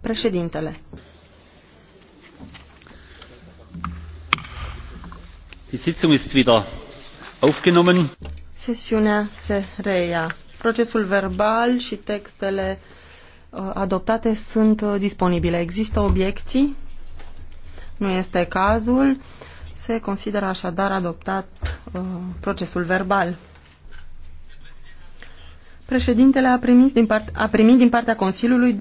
Președintele. Sesiunea se reia. Procesul verbal și textele uh, adoptate sunt uh, disponibile. Există obiecții? Nu este cazul. Se consideră așadar adoptat uh, procesul verbal. Președintele a primit din, part, a primit din partea Consiliului